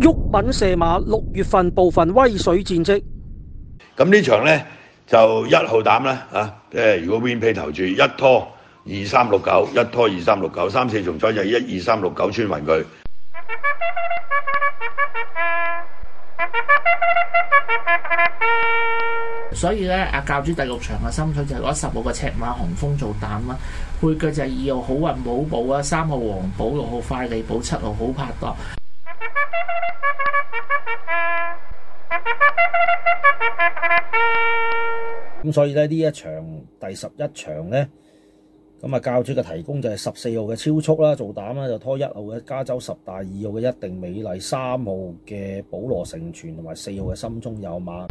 郁品射馬六月份部分威水戰績。咁呢場咧就一號膽啦，啊，誒，如果 v n P 投注一拖二三六九，一拖二三六九，三四重彩就一二三六九穿勻佢。所以咧，阿教主第六場嘅心水就攞十號嘅赤馬紅峰做膽啦，配腳就係二號好運寶寶啊，三號黃寶，六號快利寶，七號好拍檔。咁所以呢，呢一場第十一場呢，咁啊教主嘅提供就係十四號嘅超速啦，做膽啦就拖一號嘅加州十大，二號嘅一定美麗，三號嘅保羅成全，同埋四號嘅心中有馬。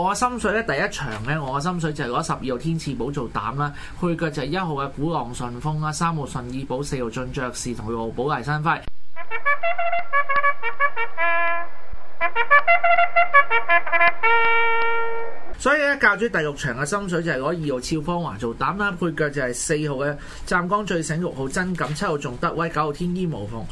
我嘅心水咧，第一場咧，我嘅心水就係攞十二號天賜寶做膽啦，配腳就係一號嘅鼓浪順風啦，三號順意寶，四號進爵士，同六號寶麗生輝。 所以咧，教主第六場嘅心水就係攞二號超芳華做膽啦，配腳就係四號嘅湛江最醒，六號真錦，七號仲德威，九號天衣無縫。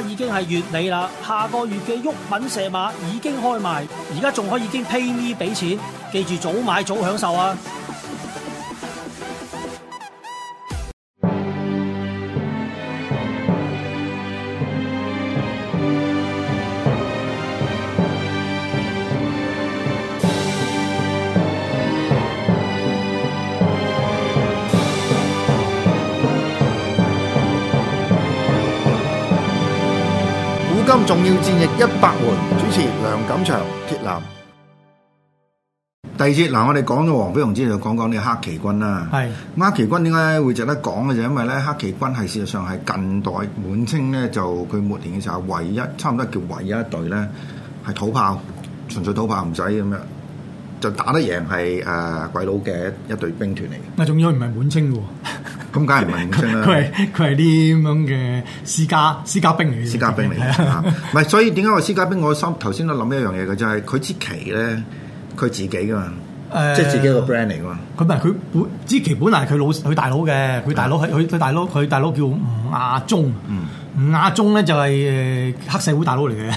已經係月尾啦，下個月嘅沃品射馬已經開賣，而家仲可以經 pay me 俾錢，記住早買早享受啊！重要戰役一百回，主持梁錦祥、鐵男。第二節嗱，我哋講咗黃飛鴻之後，就講講呢個黑旗軍啦。係黑旗軍點解會值得講嘅？就因為咧，黑旗軍係事實上係近代滿清咧，就佢末年嘅時候，唯一差唔多叫唯一一隊咧，係土炮，純粹土炮，唔使咁樣就打得贏，係誒鬼佬嘅一隊兵團嚟嘅。啊，仲要唔係滿清喎。咁梗係唔係五星啦？佢係佢係啲咁嘅私家私家兵嚟，私家兵嚟啊！唔係， 所以點解我私家兵？我心頭先都諗一樣嘢嘅，就係、是、佢支旗咧，佢自己㗎嘛，即係、呃、自己一個 brand 嚟㗎嘛。佢唔係佢本。之奇本來係佢老佢大佬嘅，佢大佬係佢佢大佬，佢大佬叫吳亞忠。嗯、吳亞忠咧就係黑社會大佬嚟嘅，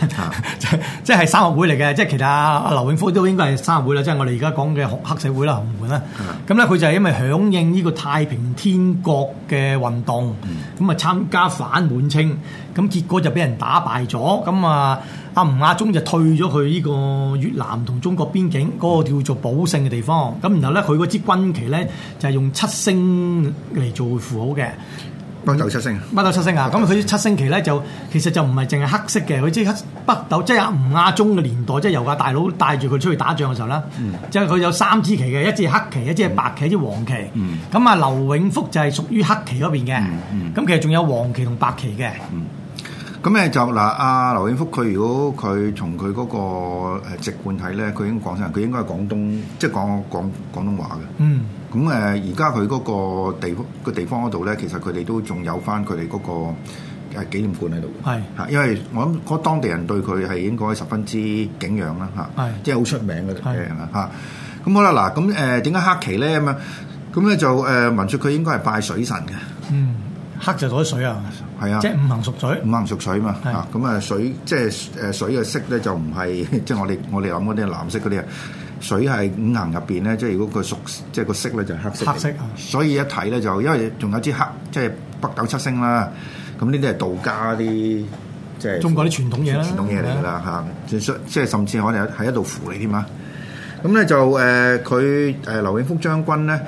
即即係三合會嚟嘅，即係其實阿劉永福都應該係三合會啦，即係我哋而家講嘅黑社會啦，洪門啦。咁咧佢就係因為響應呢個太平天國嘅運動，咁啊、嗯、參加反滿清，咁結果就俾人打敗咗，咁啊。阿吳亞忠就退咗去呢個越南同中國邊境嗰、那個叫做保勝嘅地方，咁然後咧佢嗰支軍旗咧就係用七星嚟做符號嘅，北斗七星，北斗七星啊！咁佢啲七星旗咧就其實就唔係淨係黑色嘅，佢即北斗即係阿吳亞忠嘅年代，即、就、係、是、由個大佬帶住佢出去打仗嘅時候咧，即係佢有三支旗嘅，一支係黑旗，一支係白旗，一支黃旗。咁啊、嗯，嗯、劉永福就係屬於黑旗嗰邊嘅，咁其實仲有黃旗同白旗嘅。嗯咁咧就嗱，阿劉永福佢如果佢從佢嗰個籍貫睇咧，佢已經廣州人，佢應該係廣東，即係講廣廣東話嘅。嗯。咁誒，而家佢嗰個地方地方嗰度咧，其實佢哋都仲有翻佢哋嗰個誒紀念館喺度嘅。係是。因為我諗嗰當地人對佢係應該十分之景仰啦嚇。係是。即係好出名嘅名人嚇。咁是是好啦，嗱，咁誒點解黑旗咧咁啊？咁咧就誒聞說佢應該係拜水神嘅。嗯。黑就嗰啲水啊，啊即係五行屬水。五行屬水啊嘛，咁啊水即係誒水嘅色咧就唔係即係我哋我哋諗嗰啲藍色嗰啲啊，水係五行入邊咧，即係如果佢屬即係個色咧就係黑，黑色。黑色，啊，所以一睇咧就因為仲有支黑，即係北斗七星啦。咁呢啲係道家啲即係中國啲傳統嘢啦，傳統嘢嚟㗎啦嚇。啊啊、即係甚至可能喺一度符你添啊。咁咧就誒佢誒劉永福將軍咧。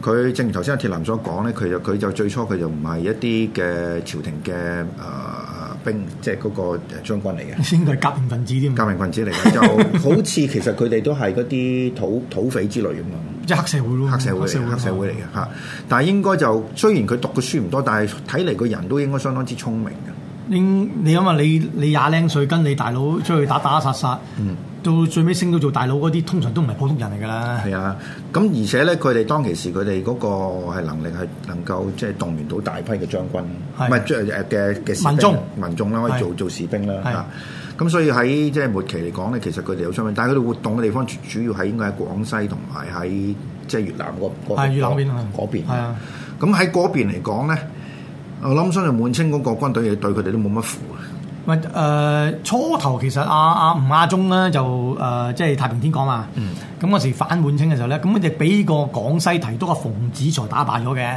佢正如頭先阿鐵林所講咧，佢就佢就最初佢就唔係一啲嘅朝廷嘅誒、呃、兵，即係嗰個將軍嚟嘅，應該係革命分子添。革命分子嚟嘅， 就好似其實佢哋都係嗰啲土土匪之類咁樣，即係黑社會咯。黑社會，黑社會嚟嘅嚇。但係應該就雖然佢讀嘅書唔多，但係睇嚟個人都應該相當之聰明嘅。應你諗下，你你廿零歲跟你大佬出去打打、打殺殺，嗯。到最尾升到做大佬嗰啲，通常都唔係普通人嚟噶啦。係啊，咁而且咧，佢哋當其時佢哋嗰個係能力係能夠即係動員到大批嘅將軍，唔係誒誒嘅嘅民眾民眾啦，可以做、啊、做士兵啦嚇。咁、啊啊、所以喺即係末期嚟講咧，其實佢哋有出兵，但係佢哋活動嘅地方主要係應該喺廣西同埋喺即係越南嗰邊，係啊？咁喺嗰邊嚟講咧，我諗相信滿清嗰個軍隊對佢哋都冇乜唔、呃、初頭其實阿、啊、阿、啊、吳亞忠咧就誒、呃、即係太平天國嘛，咁嗰、嗯、時反滿清嘅時候咧，咁佢就俾個廣西提督阿馮子材打敗咗嘅，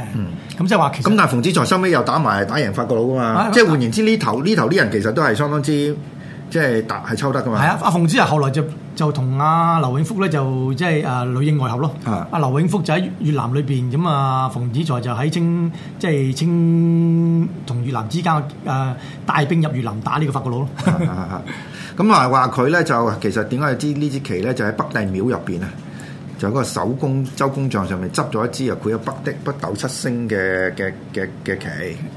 咁即係話其實咁但係馮子材收尾又打埋打贏法國佬噶嘛，啊、即係換言之呢頭呢、啊、頭啲人其實都係相當之。即係搭係抽得噶嘛？係啊！阿馮子啊，後來就就同阿劉永福咧，就即係、呃、啊，裏應外合咯。阿、呃呃、劉永福就喺越南裏邊，咁啊，馮子材就喺清，即係清同越南之間啊、呃，帶兵入越南打呢個法國佬咯。咁啊，啊，啊，啊、嗯、話佢咧就其實點解知呢支旗咧就喺北帝廟入邊啊？就嗰個手工周公像上面執咗一支啊，佢有北的北斗七星嘅嘅嘅嘅旗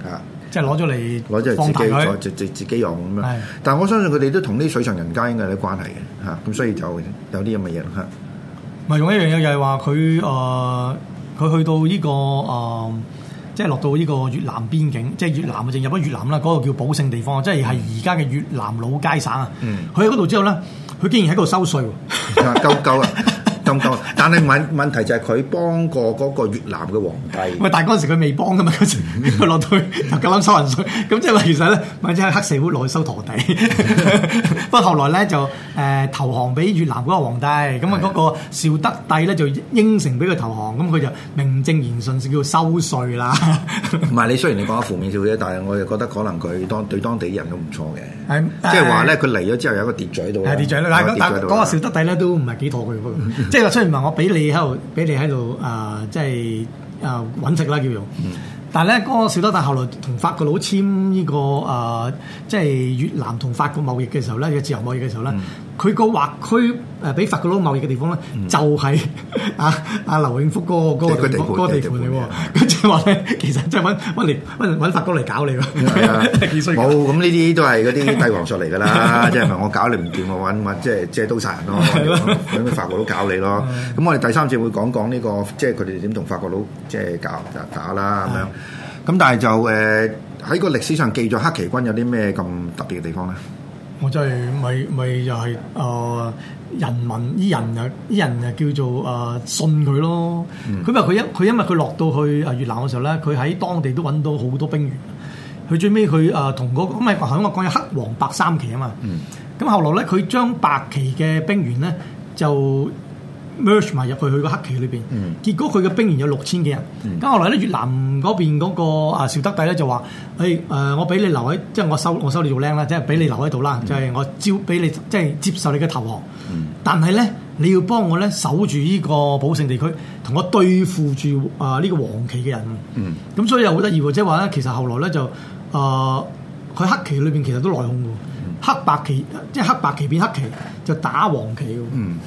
啊。即係攞咗嚟，攞咗嚟自己，自自自己用咁樣。的但係我相信佢哋都同啲水上人家應該有啲關係嘅嚇，咁所以就有啲咁嘅嘢嚇。唔係用一樣嘢，就係話佢誒，佢、呃、去到呢、這個誒、呃，即係落到呢個越南邊境，即係越南嘅，就是、入咗越南啦。嗰、那個叫保勝地方，即係係而家嘅越南老街省啊。嗯，佢喺嗰度之後咧，佢竟然喺度收稅 夠夠啦。 但係問問題就係佢幫過嗰個越南嘅皇、, 呃、皇帝。喂，但係嗰陣時佢未幫㗎嘛，嗰陣佢落去就咁諗收人稅，咁即係話其實咧，或者係黑社會來收陀地。不過後來咧就誒投降俾越南嗰個皇帝，咁啊嗰個少德帝咧就應承俾佢投降，咁佢就名正言順就叫做收稅啦。唔 係你雖然你講負面少嘅，但係我又覺得可能佢當對當地人都唔錯嘅，即係話咧佢嚟咗之後有一個秩序喺度。係秩序啦，但係講少德帝咧都唔係幾妥佢。 即係雖然話我俾你喺度，俾你喺度誒，即係誒揾食啦，叫做。嗯，但係咧，嗰、嗰個小德但後來同法國佬簽呢個誒，即、呃、係、就是、越南同法國貿易嘅時候咧，嘅自由貿易嘅時候咧。嗯佢個劃區誒俾法國佬貿易嘅地方咧，就係啊啊劉永福個個個地盤嚟喎。咁即係話咧，其實即係揾揾嚟揾揾法國佬嚟搞你咯。冇咁呢啲都係嗰啲帝王術嚟噶啦，即係唔係我搞你唔掂，我揾乜即係借刀殺人咯，揾法國佬搞你咯。咁我哋第三節會講講呢個，即係佢哋點同法國佬即係搞打打啦咁樣。咁但係就誒喺個歷史上記載黑旗軍有啲咩咁特別嘅地方咧？我真係咪咪又係啊，人民啲人啊啲人啊叫做啊、呃、信佢咯。佢話佢因佢因為佢落到去啊越南嘅時候咧，佢喺當地都揾到好多兵員。佢最尾佢啊同嗰咪響我講有黑黃白三旗啊嘛。咁、嗯、後來咧，佢將白旗嘅兵員咧就。merge 埋入去去個黑旗裏邊，嗯、結果佢嘅兵員有六千幾人。咁、嗯、後來咧，越南嗰邊嗰個啊邵德帝咧就話：，誒、嗯欸，我俾你留喺，即、就、係、是、我收我收你做僆啦，即係俾你留喺度啦，就係我招俾你，即係接受你嘅投降。嗯、但係咧，你要幫我咧守住呢個保勝地區，同我對付住啊呢個黃旗嘅人。咁、嗯、所以又好得意喎，即係話咧，其實後來咧就啊，佢、呃、黑旗裏邊其實都內訌嘅，嗯、黑白旗即係、就是、黑白旗變黑旗就打黃旗嘅。嗯嗯。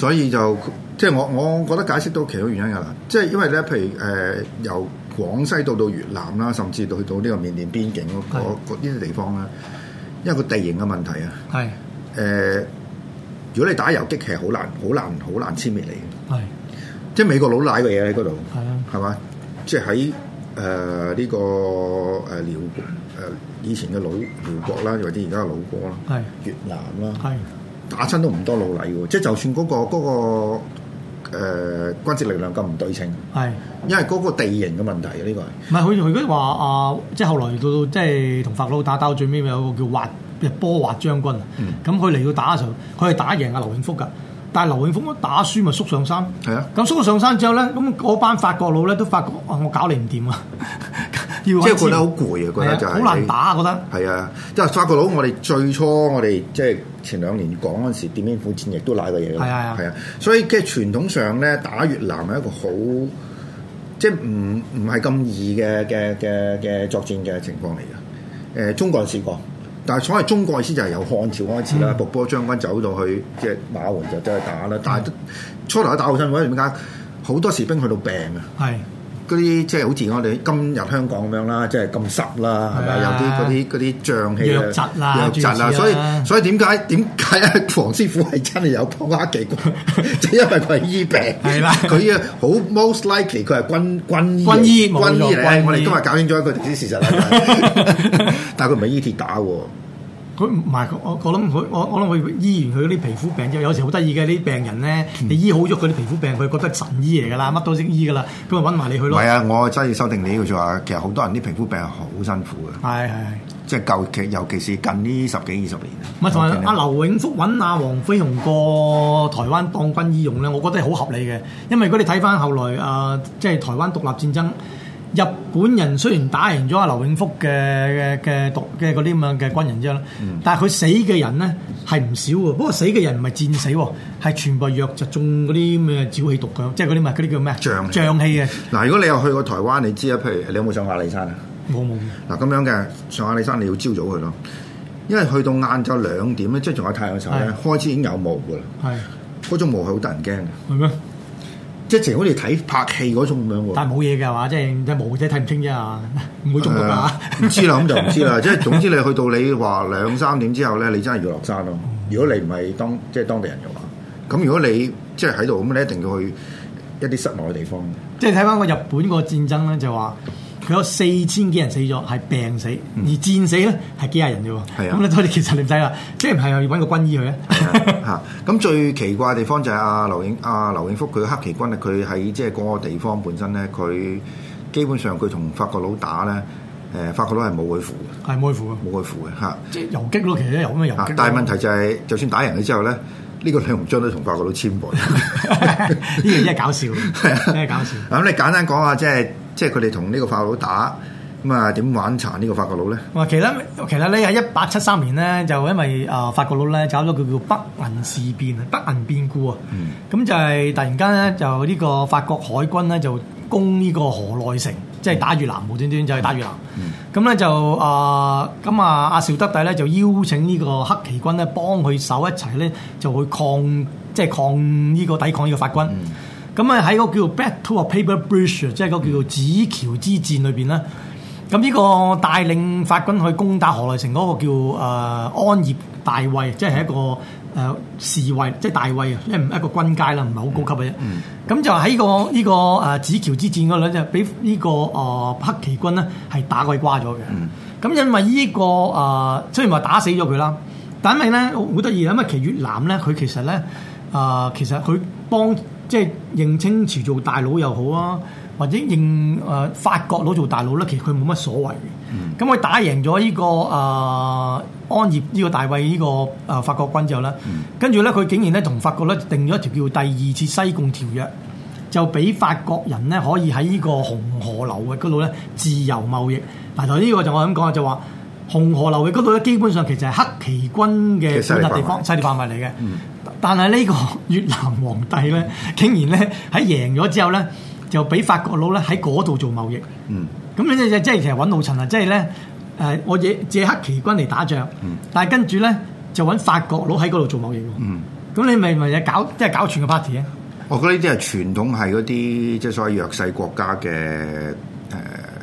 所以就即係我我覺得解釋到其中原因㗎啦，即係因為咧，譬如誒、呃、由廣西到到越南啦，甚至到去到呢個緬甸邊境嗰嗰啲地方啦，因為個地形嘅問題啊，係誒是的、呃，如果你打游擊，其實好難好難好難遷滅你嘅，係是的 即係美國佬奶嘅嘢喺嗰度，係啊，係嘛是的，即係喺誒呢個誒寮誒以前嘅老寮國啦，或者而家嘅老國啦，係的越南啦，係的。的打親都唔多老禮喎，即係就算嗰、那個嗰、那個誒、呃、軍事力量咁唔對稱，係是因為嗰個地形嘅問題啊，呢、這個係唔係？佢似如果話啊，即係後來到、呃、即係同法佬打打到最尾，有個叫滑波滑將軍啊，咁佢嚟到打就佢係打贏阿劉永福㗎，但係劉永福打輸咪縮上山係啊，咁縮上山之後咧，咁嗰班法國佬咧都發覺啊，我搞你唔掂啊！ 即係覺得好攰啊！的覺得就係好難打啊！的覺得係啊！即係法國佬，我哋最初我哋即係前兩年講嗰陣時，點樣苦戰役過，亦都賴過嘢啦。係啊！係啊！所以即係傳統上咧，打越南係一個好即係唔唔係咁易嘅嘅嘅嘅作戰嘅情況嚟嘅。誒、呃，中國人試過，但係所謂中國先就係由漢朝開始啦。伏、嗯、波將軍走到去，即係馬援就走去打啦。但係初頭都打好辛苦，點解好多士兵去到病啊？係。嗰啲即係好似我哋今日香港咁樣啦，即係咁濕啦，係咪吧有啲嗰啲啲瘴氣啊？淤積啦，所以所以點解點解黃師傅係真係有破瓜技嘅？ 就因為佢係醫病，係嘛？佢啊好 most likely 佢係軍軍醫，軍醫嚟。醫醫我哋今日搞清楚一個歷史事實啦， 但係佢唔係醫鐵打喎。佢唔係，我我諗佢，我我諗佢醫完佢啲皮膚病啫。有時好得意嘅啲病人咧，你醫好咗佢啲皮膚病，佢覺得神醫嚟噶啦，乜都識醫噶啦，咁啊揾埋你去咯。係啊，我真係要收定你嘅啫話，其實好多人啲皮膚病係好辛苦嘅。係係是，即係舊劇，尤其是近呢十幾二十年。乜同埋阿劉永福揾阿黃飛鴻過台灣當軍醫用咧，我覺得係好合理嘅，因為如果你睇翻後來啊、呃，即係台灣獨立戰爭。日本人雖然打贏咗阿劉永福嘅嘅嘅毒嘅嗰啲咁樣嘅軍人啫，嗯，但係佢死嘅人咧係唔少喎。不過死嘅人唔係戰死喎，係全部藥就中嗰啲咩沼氣毒㗎，即係嗰啲啲叫咩瘴瘴氣嘅。嗱，如果你又去過台灣，你知啊，譬如你有冇上阿里山啊？冇冇。嗱咁樣嘅上阿里山，山你要朝早去咯，因為去到晏晝兩點咧，即係仲有太陽嘅時候咧，的開始已經有霧㗎啦。係的，嗰種霧係好得人驚嘅。係咩？即係好似睇拍戲嗰種咁樣喎，但係冇嘢嘅話即係即係霧，即係睇唔清啫，唔會中毒㗎。唔、呃、知啦，咁就唔知啦。即係 總之，你去到你話兩三點之後咧，你真係要落山咯。如果你唔係當即係當地人嘅話，咁如果你即係喺度咁，你一定要去一啲室內嘅地方。即係睇翻個日本個戰爭咧，就話。有四千幾人死咗，係病死，而戰死咧係幾廿人嘅喎。係啊，咁你都係其實唔使啊，即係唔係又要揾個軍醫去？咧、啊。吓 啊，咁最奇怪嘅地方就係阿劉永阿劉永福，佢黑旗軍啊，佢喺即係嗰個地方本身咧，佢基本上佢同法國佬打咧，誒、啊，法國佬係冇佢符嘅，係冇佢符冇佢符嘅吓。啊、即係游擊咯，其實有咁咩游擊？但係問題就係、是，就算打贏佢之後咧，呢、這個李鴻章都同法國佬簽本，呢樣真係搞笑，真係搞笑。咁你簡單講下即係。就是即係佢哋同呢個法國佬打，咁啊點玩殘呢個法國佬咧？哇！其實其實咧喺一八七三年咧，就因為啊法國佬咧搞咗佢叫北銀事變啊，北銀變故啊。咁就係突然間咧，就呢個法國海軍咧就攻呢個河內城，即係打越南，無端端就係打越南。咁咧就啊咁啊阿紹德帝咧就邀請呢個黑旗軍咧幫佢手一齊咧，就去抗即係抗呢個抵抗呢個法軍。咁啊喺嗰個叫做 Battle of Paper Bridge，即係嗰個叫做紙橋之戰裏邊咧，咁、這、呢個帶領法軍去攻打河內城嗰個叫誒、呃、安業大尉，即係一個誒侍衛，即係大尉，即係唔一個軍階啦，唔係好高級嘅啫。咁 就喺、這個呢、這個誒紙、呃、橋之戰嗰陣，就俾呢個誒、呃、黑旗軍咧係打鬼瓜咗嘅。咁 因為呢、這個誒、呃、雖然話打死咗佢啦，但係咧好得意啊，因為其越南咧佢其實咧誒、呃、其實佢幫。即係認清朝做大佬又好啊，或者認誒法國佬做大佬咧，其實佢冇乜所謂嘅。咁佢、嗯、打贏咗呢、呢個誒、呃、安鄴呢個大衞呢個誒法國軍之後咧，嗯、跟住咧佢竟然咧同法國咧定咗一條叫第二次西貢條約，就俾法國人咧可以喺呢個紅河流嘅嗰度咧自由貿易。嗱，呢個就我咁講就話、是、紅河流嘅嗰度咧，基本上其實係黑旗軍嘅主要地方、勢力範圍嚟嘅。但係呢個越南皇帝咧，竟然咧喺贏咗之後咧，就俾法國佬咧喺嗰度做貿易。嗯，咁你即即即係其實揾老襯啊！即係咧誒，我借借黑旗軍嚟打仗。嗯，但係跟住咧就揾法國佬喺嗰度做貿易。嗯，咁你咪咪又搞即係、就是、搞全個 party 啊？我覺得呢啲係傳統係嗰啲即係所謂弱勢國家嘅誒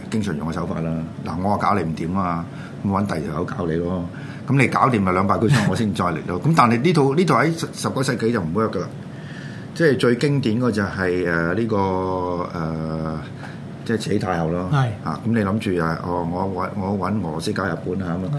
經常用嘅手法啦。嗱、嗯，我話搞你唔掂啊！搵第二條友搞你咯，咁你搞掂咪兩百個鐘，我先再嚟咯。咁 但係呢套呢套喺十九世紀就唔好嘅啦，即係最經典嗰就係呢個誒，即係慈禧太后咯。係是啊，咁你諗住啊，哦，我揾我揾俄羅斯搞日本啊，咁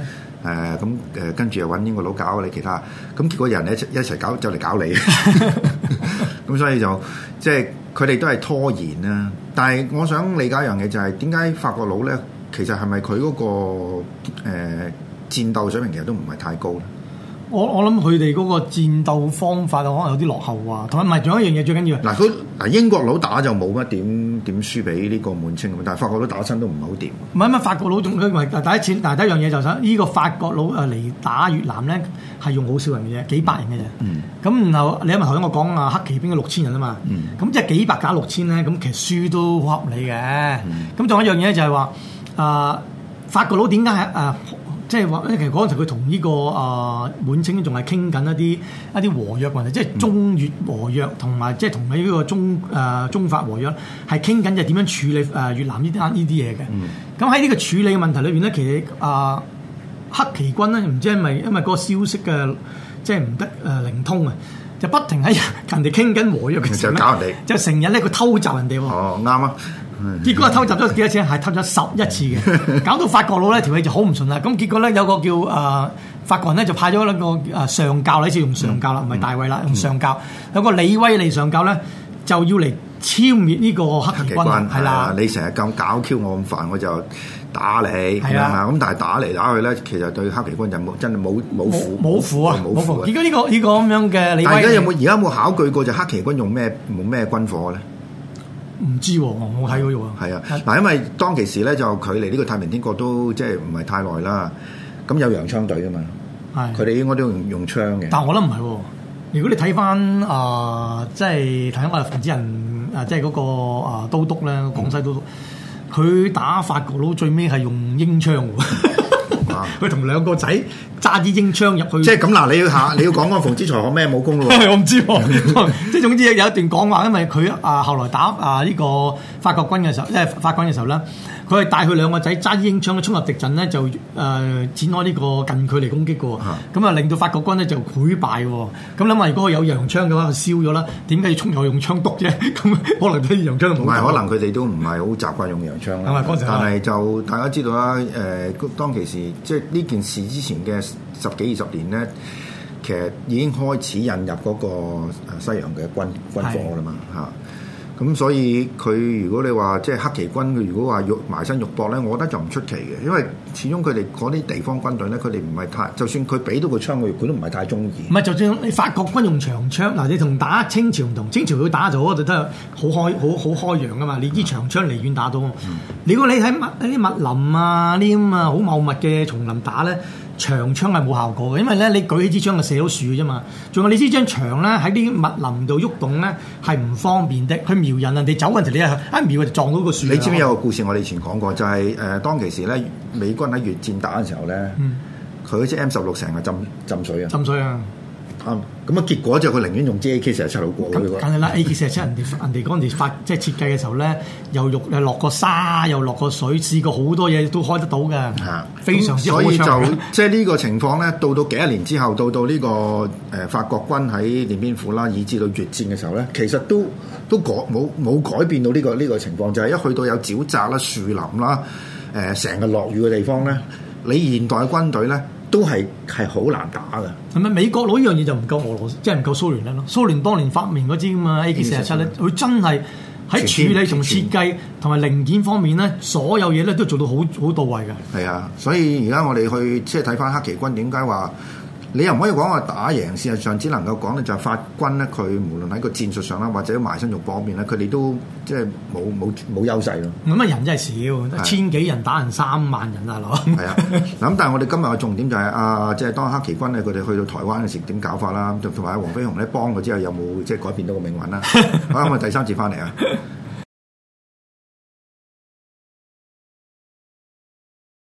是啊誒咁誒跟住又揾英國佬搞你其他，咁結果人咧一一齊搞就嚟搞你。咁 所以就即係佢哋都係拖延啦。但係我想理解一樣嘢就係點解法國佬咧？其實係咪佢嗰個誒、呃、戰鬥水平其實都唔係太高咧？我我諗佢哋嗰個戰鬥方法可能有啲落後啊，同埋唔係仲有一樣嘢最緊要嗱，嗱、啊啊、英國佬打就冇乜點點輸俾呢個滿清咁，但係法國佬打親都唔係好掂。唔係唔法國佬總嘅咪第一次，但係第一樣嘢就想、是、呢、這個法國佬誒嚟打越南咧係用好少人嘅啫，幾百人嘅啫。咁、嗯、然後你咪頭先我講啊，黑旗兵嘅六千人啊嘛。咁、嗯、即係幾百打六千咧，咁其實輸都好合理嘅。咁仲、嗯、有一樣嘢咧，就係話。啊，法國佬點解係啊？即係話咧，其實嗰陣時佢同呢個啊滿清仲係傾緊一啲一啲和約問題，嗯、即係中越和約同埋即係同喺呢個中啊、呃、中法和約，係傾緊就點樣處理啊越南呢單呢啲嘢嘅。咁喺呢個處理嘅問題裏邊咧，其實啊、呃、黑旗軍咧，唔知係咪因為個消息嘅即係唔得啊、呃、靈通啊，就不停喺人哋傾緊和約嘅時候搞人哋，就成日咧佢偷襲人哋喎。哦，啱啊！結果係偷襲咗幾多次，係偷咗十一次嘅，搞到法國佬咧條氣就好唔順啦。咁結果咧有個叫啊法國人咧、呃、就派咗兩個啊上教呢次用上教啦，唔係大衛啦，用上教有個李威利上教咧就要嚟消滅呢個黑旗軍係是啦。你成日咁搞 Q 我咁煩，我就打你係啊。咁是啦 但係打嚟打去咧，其實對黑旗軍就冇真係冇冇符冇符啊冇而家呢個呢、這個咁樣嘅，而家有冇而家有冇考據過就黑旗軍用咩冇咩軍火咧？唔知喎，我冇睇嗰個。係啊，嗱的，但因為當其時咧，就距離呢個太平天國都即係唔係太耐啦。咁有洋槍隊啊嘛，係的，佢哋應該都用用槍嘅。但係我諗唔係喎，如果你睇翻啊，即係睇我哋馮子仁啊，即係嗰、那個啊都、呃、督咧，廣西都督，佢、嗯、打法國佬最尾係用英槍喎，佢同、嗯、 兩個仔。揸啲英槍入去，即係咁嗱，你要下你要講講馮子材學咩武功咯、啊？ 因為我唔知喎、啊，即係總之有一段講話，因為佢啊後來打啊呢個法國軍嘅時候，即、嗯、係法國軍嘅時候啦，佢係帶佢兩個仔揸啲英槍去衝入敵陣咧，就誒、呃、展開呢個近距離攻擊嘅喎。咁啊令到法國軍咧就潰敗喎。咁諗下如果佢有洋槍嘅話，就燒咗啦，點解要衝入去用槍督啫？咁 可能啲洋槍冇係，可能佢哋都唔係好習慣用洋槍。 但係就大家知道啦，誒、呃、當其時即係呢件事之前嘅。十幾二十年咧，其實已經開始引入嗰個西洋嘅軍軍火啦嘛嚇，咁是的、嗯、所以佢如果你話即係黑旗軍，佢如果話要埋身肉搏咧，我覺得就唔出奇嘅，因為始終佢哋嗰啲地方軍隊咧，佢哋唔係太，就算佢俾到個槍佢，佢都唔係太中意。唔係，就算你法國軍用長槍，嗱你同打清朝唔同，清朝佢打就嗰度都好開，好好開揚噶嘛，你支長槍離遠打到。是的 嗯、如果你喺啲啲密林啊，啲咁啊好茂密嘅叢林打咧。打長槍係冇效果嘅，因為咧你舉起支槍就射到樹嘅啫嘛。仲有你支槍長咧，喺啲密林度喐動咧係唔方便的。佢瞄人啊，你走嗰陣時你啊一瞄就撞到個樹。你知唔知有個故事我哋以前講過，就係、是、誒、呃、當其時咧，美軍喺越戰打嘅時候咧，佢嗰支 M 十六成日浸浸水啊，浸水啊。啱，咁啊結果就佢寧願用 AK 四七好過喎。梗係啦，AK 四七人哋人哋嗰陣時發即係設計嘅時候咧，又肉誒落過沙，又落過水，試過好多嘢都開得到嘅。嚇，非常之所以就即係呢個情況咧，到到幾多年之後，到到呢個誒法國軍喺奠邊府啦，以至到越戰嘅時候咧，其實都都改冇冇改變到呢個呢個情況，就係一去到有沼澤啦、樹林啦、誒成日落雨嘅地方咧，你現代軍隊咧，都係係好難打嘅，係咪美國佬呢樣嘢就唔夠俄羅斯，即係唔夠蘇聯咧咯？蘇聯當年發明嗰支咁啊 AK-47 咧，佢真係喺處理、同設計同埋零件方面咧，所有嘢咧都做到好好到位嘅。係啊，所以而家我哋去即係睇翻黑旗軍點解話。你又唔可以講話打贏，事實上只能夠講咧，就係法軍咧，佢無論喺個戰術上啦，或者埋身肉搏方面咧，佢哋都即係冇冇冇優勢咯。咁啊，人真係少，千幾人打人三萬人啊，大佬的。係啊，咁但係我哋今日嘅重點就係、是、啊、呃，即係當黑旗軍咧，佢哋去到台灣嘅時點搞法啦，同同埋黃飛鴻咧幫佢之後有冇即係改變到個命運啦？好、 啊，咁哋第三次翻嚟啊！